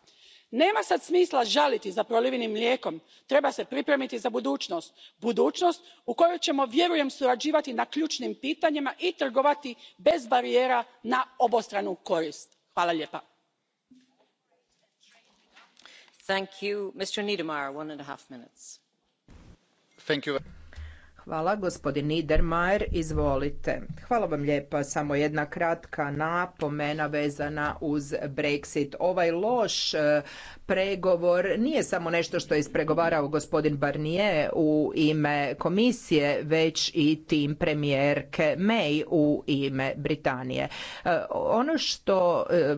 nema sad smisla žaliti za prolivenim mlijekom treba se pripremiti za budućnost budućnost u kojoj ćemo vjerujem surađivati na ključnim pitanjima i trgovati bez barijera na obostranu korist. hvala lijepa. Hvala, gospodin Niedermayer, izvolite. Hvala vam lijepa, samo jedna kratka napomena vezana uz Brexit. Ovaj loš e, pregovor nije samo nešto što je ispregovarao gospodin Barnier u ime komisije, već i tim premijerke May u ime Britanije. E, ono što e,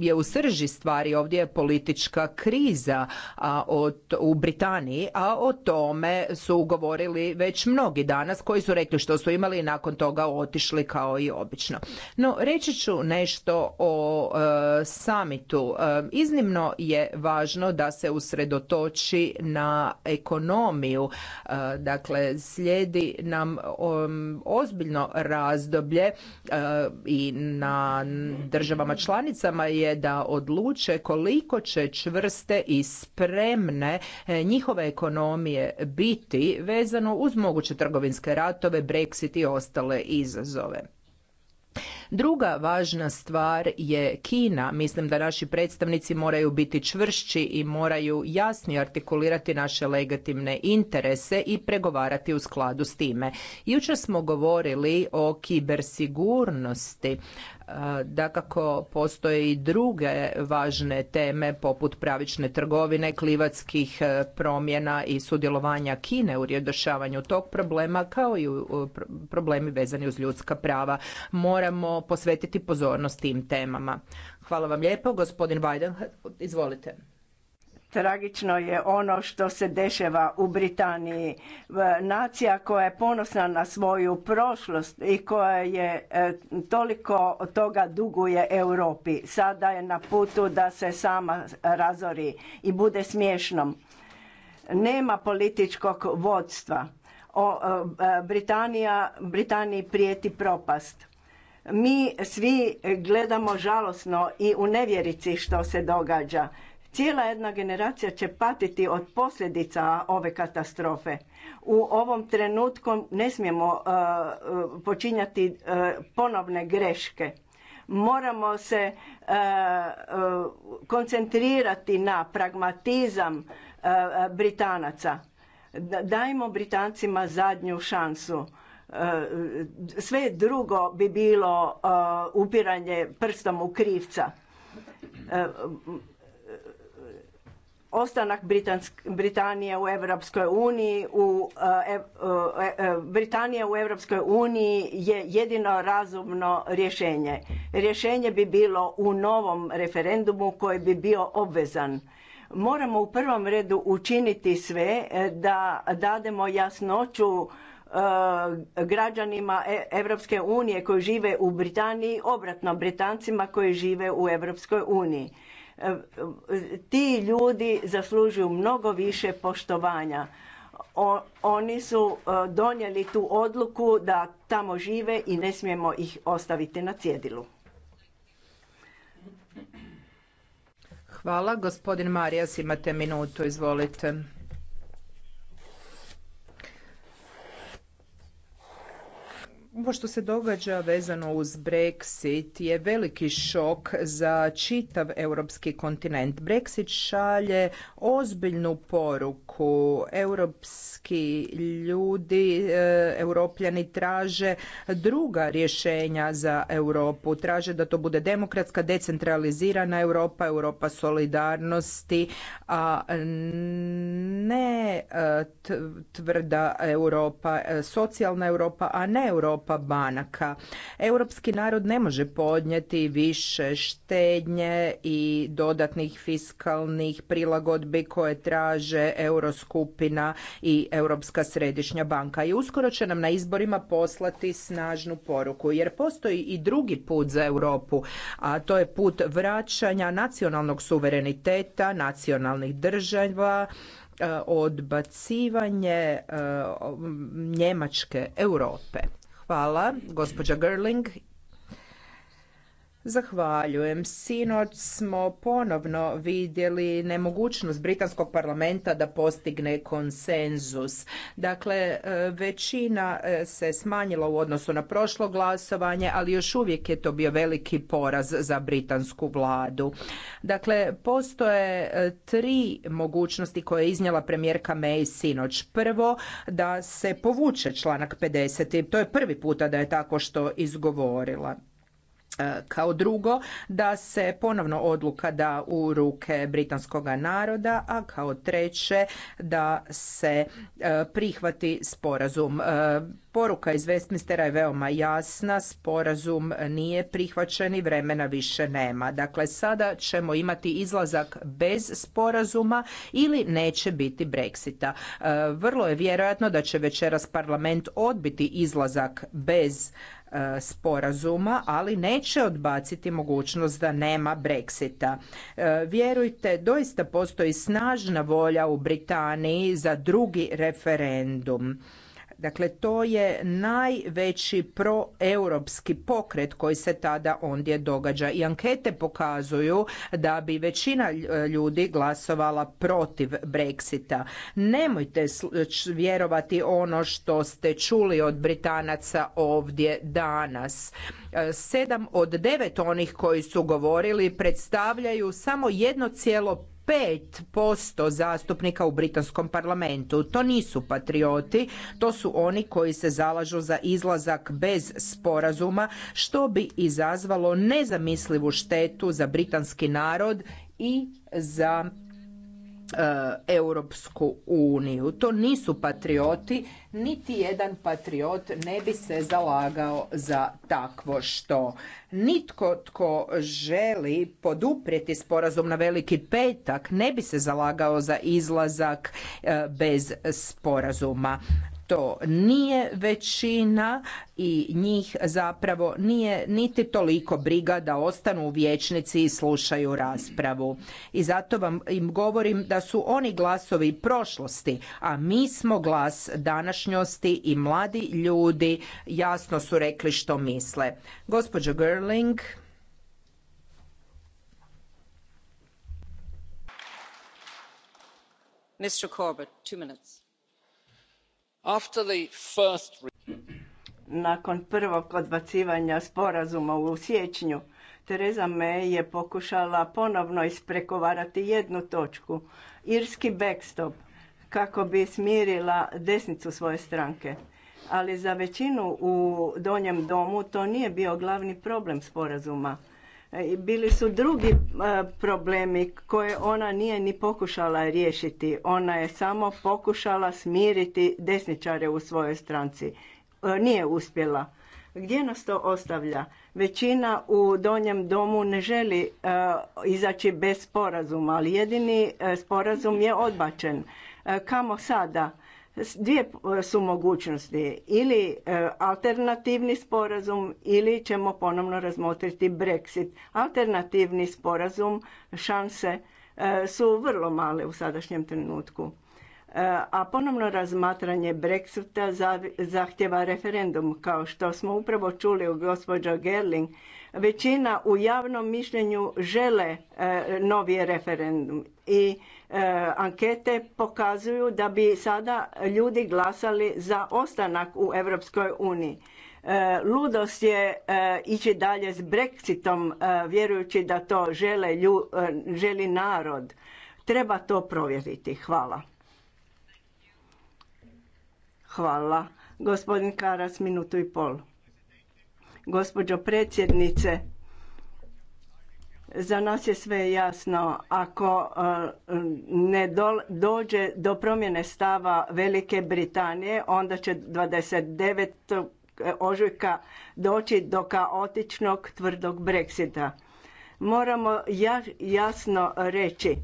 je u srži stvari ovdje je politička kriza u Britaniji, a o tome su govorili već mnogi mnogi danas koji su rekli što su imali i nakon toga otišli kao i obično. No, reći ću nešto o e, samitu. E, iznimno je važno da se usredotoči na ekonomiju. E, dakle, slijedi nam ozbiljno razdoblje e, i na državama članicama je da odluče koliko će čvrste i spremne njihove ekonomije biti vezano uz moguće trgovinske ratove, Brexit i ostale izazove. Druga važna stvar je Kina. Mislim da naši predstavnici moraju biti čvršći i moraju jasnije artikulirati naše legitimne interese i pregovarati u skladu s time. Jučer smo govorili o kibersigurnosti. E, dakako, postoje i druge važne teme poput pravične trgovine, klivatskih e, promjena i sudjelovanja Kine u rješavanju tog problema kao i problemi vezani uz ljudska prava. Moramo posvetiti pozornost tim temama. Hvala vam lijepo. Gospodin Biden, izvolite. Tragično je ono što se dešava u Britaniji. Nacija koja je ponosna na svoju prošlost i koja je e, toliko toga duguje Europi. Sada je na putu da se sama razori i bude smiješnom. Nema političkog vodstva. O, e, Britanija, Britaniji prijeti propast. Mi svi gledamo žalosno i u nevjerici što se događa. Cijela jedna generacija će patiti od posljedica ove katastrofe. U ovom trenutku ne smijemo e, počinjati e, ponovne greške. Moramo se e, koncentrirati na pragmatizam Britanaca. Dajmo Britancima zadnju šansu Eh, sve drugo bi bilo eh, upiranje prstom u krivca. Eh, ostanak Britanije u Europskoj uniji u Britanija u Europskoj uniji je jedino razumno rješenje. Rješenje bi bilo u novom referendumu koji bi bio obvezan moramo u prvom redu učiniti sve da dademo jasnoću Eh, građanima Europske unije koji žive u Britaniji, obratno Britancima koji žive u Europskoj uniji. Eh, ti ljudi zaslužuju mnogo više poštovanja. Oni su eh, donijeli tu odluku da tamo žive i ne smijemo ih ostaviti na cjedilu. Hvala. Gospodin Marijas, imate minutu, izvolite. Ovo što se događa vezano uz Brexit je veliki šok za čitav europski kontinent. Brexit šalje ozbiljnu poruku. Europski ljudi, e, europljani traže druga rješenja za Europu. Traže da to bude demokratska, decentralizirana Europa, Europa solidarnosti, a ne e, tvrda Europa, e, socijalna Europa, a ne Europa stopa banaka. Europski narod ne može podnijeti više štednje i dodatnih fiskalnih prilagodbi koje traže Euroskupina i Europska središnja banka. I uskoro će nam na izborima poslati snažnu poruku jer postoji i drugi put za Europu, a to je put vraćanja nacionalnog suvereniteta, nacionalnih država, e, odbacivanje e, Njemačke Europe. Hvala, gospođa Gerling. Zahvaljujem. Sinoć smo ponovno vidjeli nemogućnost britanskog parlamenta da postigne konsenzus. Dakle, e, većina e, se smanjila u odnosu na prošlo glasovanje, ali još uvijek je to bio veliki poraz za britansku vladu. Dakle, postoje e, tri mogućnosti koje je iznijela premijerka May sinoć. Prvo, da se povuče članak 50. To je prvi puta da je tako što izgovorila E, kao drugo, da se ponovno odluka da u ruke britanskog naroda, a kao treće da se e, prihvati sporazum. E, poruka iz Westminstera je veoma jasna, sporazum nije prihvaćen i vremena više nema. Dakle, sada ćemo imati izlazak bez sporazuma ili neće biti Brexita. Vrlo je vjerojatno da će večeras parlament odbiti izlazak bez E, sporazuma, ali neće odbaciti mogućnost da nema Brexita. E, vjerujte, doista postoji snažna volja u Britaniji za drugi referendum. Dakle, to je najveći proeuropski pokret koji se tada ondje događa. I ankete pokazuju da bi većina ljudi glasovala protiv Brexita. Nemojte vjerovati ono što ste čuli od Britanaca ovdje danas. E, sedam od devet onih koji su govorili predstavljaju samo 1,5 5% zastupnika u britanskom parlamentu. To nisu patrioti, to su oni koji se zalažu za izlazak bez sporazuma, što bi izazvalo nezamislivu štetu za britanski narod i za E, Europsku uniju. To nisu patrioti, niti jedan patriot ne bi se zalagao za takvo što. Nitko tko želi poduprijeti sporazum na veliki petak ne bi se zalagao za izlazak e, bez sporazuma to nije većina i njih zapravo nije niti toliko briga da ostanu u vijećnici i slušaju raspravu. I zato vam im govorim da su oni glasovi prošlosti, a mi smo glas današnjosti i mladi ljudi jasno su rekli što misle. Gospođo Gerling, Mr. Corbett, two minutes. Nakon prvog odbacivanja sporazuma u siječnju, Tereza May je pokušala ponovno ispregovarati jednu točku, irski backstop, kako bi smirila desnicu svoje stranke. Ali za većinu u Donjem domu to nije bio glavni problem sporazuma. E, bili su drugi e, problemi koje ona nije ni pokušala riješiti. Ona je samo pokušala smiriti desničare u svojoj stranci. E, nije uspjela. Gdje nas to ostavlja? Većina u Donjem domu ne želi izaći bez sporazuma, ali jedini sporazum je odbačen. Kamo sada? Dvije e, su mogućnosti, ili e, alternativni sporazum ili ćemo ponovno razmotriti Brexit. Alternativni sporazum šanse e, su vrlo male u sadašnjem trenutku. A ponovno razmatranje Brexita zahtjeva referendum, kao što smo upravo čuli u gospođa Gerling. Većina u javnom mišljenju žele novi referendum i E, ankete pokazuju da bi sada ljudi glasali za ostanak u Europskoj uniji. E, ludost je e, ići dalje s Brexitom vjerujući da to žele, želi narod. Treba to provjeriti. Hvala. Hvala. Gospodin Karas, minutu i pol. Gospođo predsjednice, za nas je sve jasno, ako e, ne dođe do promjene stava Velike Britanije, onda će 29. E, ožujka doći do kaotičnog tvrdog Brexita. Moramo jasno reći e,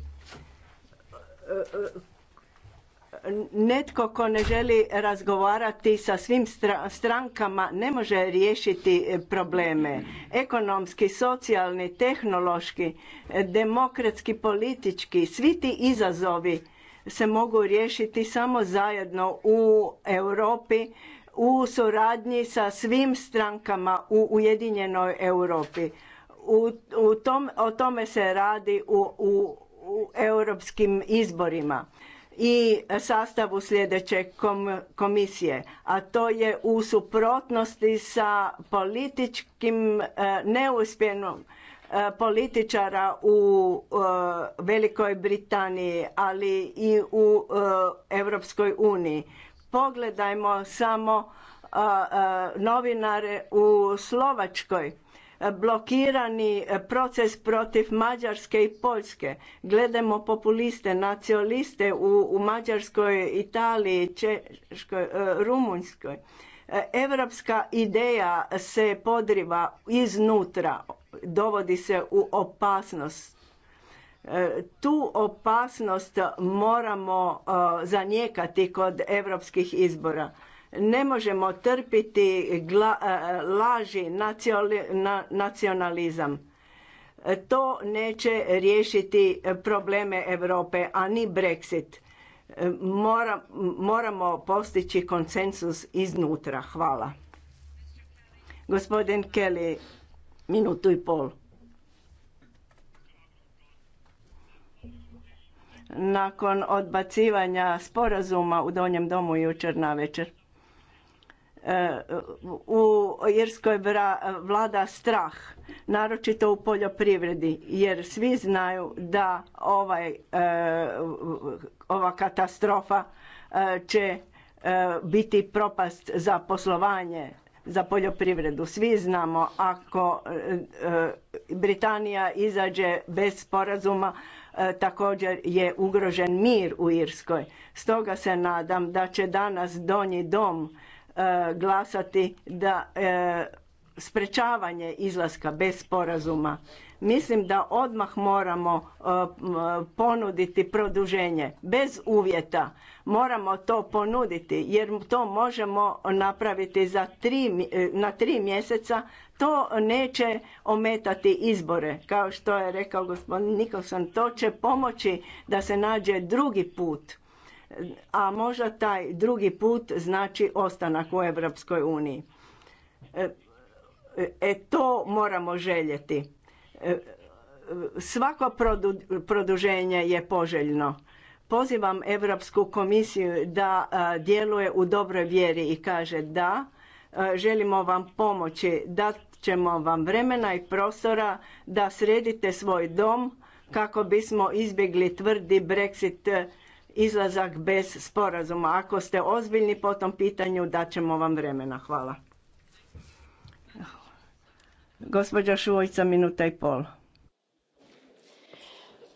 netko ko ne želi razgovarati sa svim strankama ne može riješiti e, probleme. Ekonomski, socijalni, tehnološki, e, demokratski, politički, svi ti izazovi se mogu riješiti samo zajedno u Europi u suradnji sa svim strankama u Ujedinjenoj Europi. o tome se radi u europskim izborima i sastavu sljedeće komisije, a to je u suprotnosti sa političkim e, neuspjenom e, političara u e, Velikoj Britaniji, ali i u Europskoj uniji. Pogledajmo samo novinare u Slovačkoj blokirani e, proces protiv Mađarske i Poljske. Gledamo populiste, nacionaliste u, Mađarskoj, Italiji, Češkoj, e, Rumunjskoj. Europska ideja se podriva iznutra, dovodi se u opasnost. E, tu opasnost moramo zanijekati kod europskih izbora ne možemo trpiti e, laži nacionalizam. E, to neće riješiti probleme Europe, a ni Brexit. E, mora, moramo postići konsensus iznutra. Hvala. Gospodin Kelly, minutu i pol. Nakon odbacivanja sporazuma u Donjem domu jučer na večer, E, u Irskoj vlada strah, naročito u poljoprivredi, jer svi znaju da ovaj, e, ova katastrofa e, će biti propast za poslovanje, za poljoprivredu. Svi znamo ako Britanija izađe bez sporazuma, također je ugrožen mir u Irskoj. Stoga se nadam da će danas donji dom E, glasati da e, sprečavanje izlaska bez sporazuma. Mislim da odmah moramo e, ponuditi produženje bez uvjeta. Moramo to ponuditi jer to možemo napraviti za na tri mjeseca. To neće ometati izbore. Kao što je rekao gospodin Nikolson, to će pomoći da se nađe drugi put a možda taj drugi put znači ostanak u Europskoj uniji. E, e, e to moramo željeti. E, svako produženje je poželjno. Pozivam Europsku komisiju da djeluje u dobroj vjeri i kaže da želimo vam pomoći, dat ćemo vam vremena i prostora da sredite svoj dom kako bismo izbjegli tvrdi Brexit izlazak bez sporazuma. Ako ste ozbiljni po tom pitanju, daćemo vam vremena. Hvala. Gospođa Šuojca, minuta i pol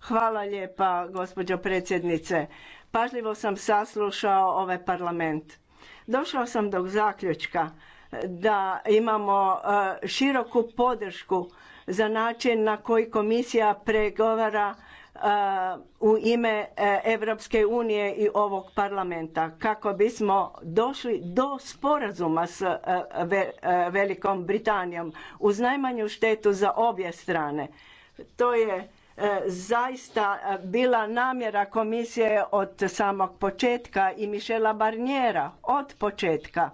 Hvala lijepa, gospođo predsjednice. Pažljivo sam saslušao ovaj parlament. Došao sam do zaključka da imamo e, široku podršku za način na koji komisija pregovara e, u ime Europske unije i ovog parlamenta kako bismo došli do sporazuma s e, Velikom Britanijom uz najmanju štetu za obje strane. To je zaista e, bila namjera komisije od samog početka i Mišela Barnjera od početka.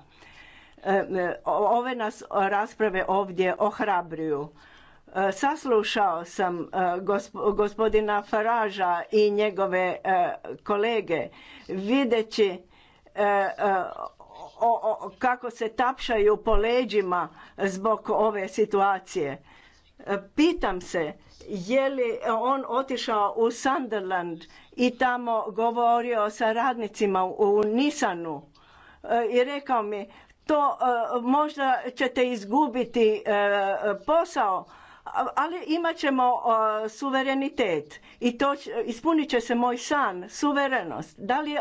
E, e, ove nas rasprave ovdje ohrabruju. Saslušao sam gospodina Faraža i njegove kolege videći kako se tapšaju po leđima zbog ove situacije. Pitam se je li on otišao u Sunderland i tamo govorio sa radnicima u Nisanu e, i rekao mi to e, možda ćete izgubiti e, posao ali imat ćemo suverenitet i to ispunit će se moj san suverenost. Da li je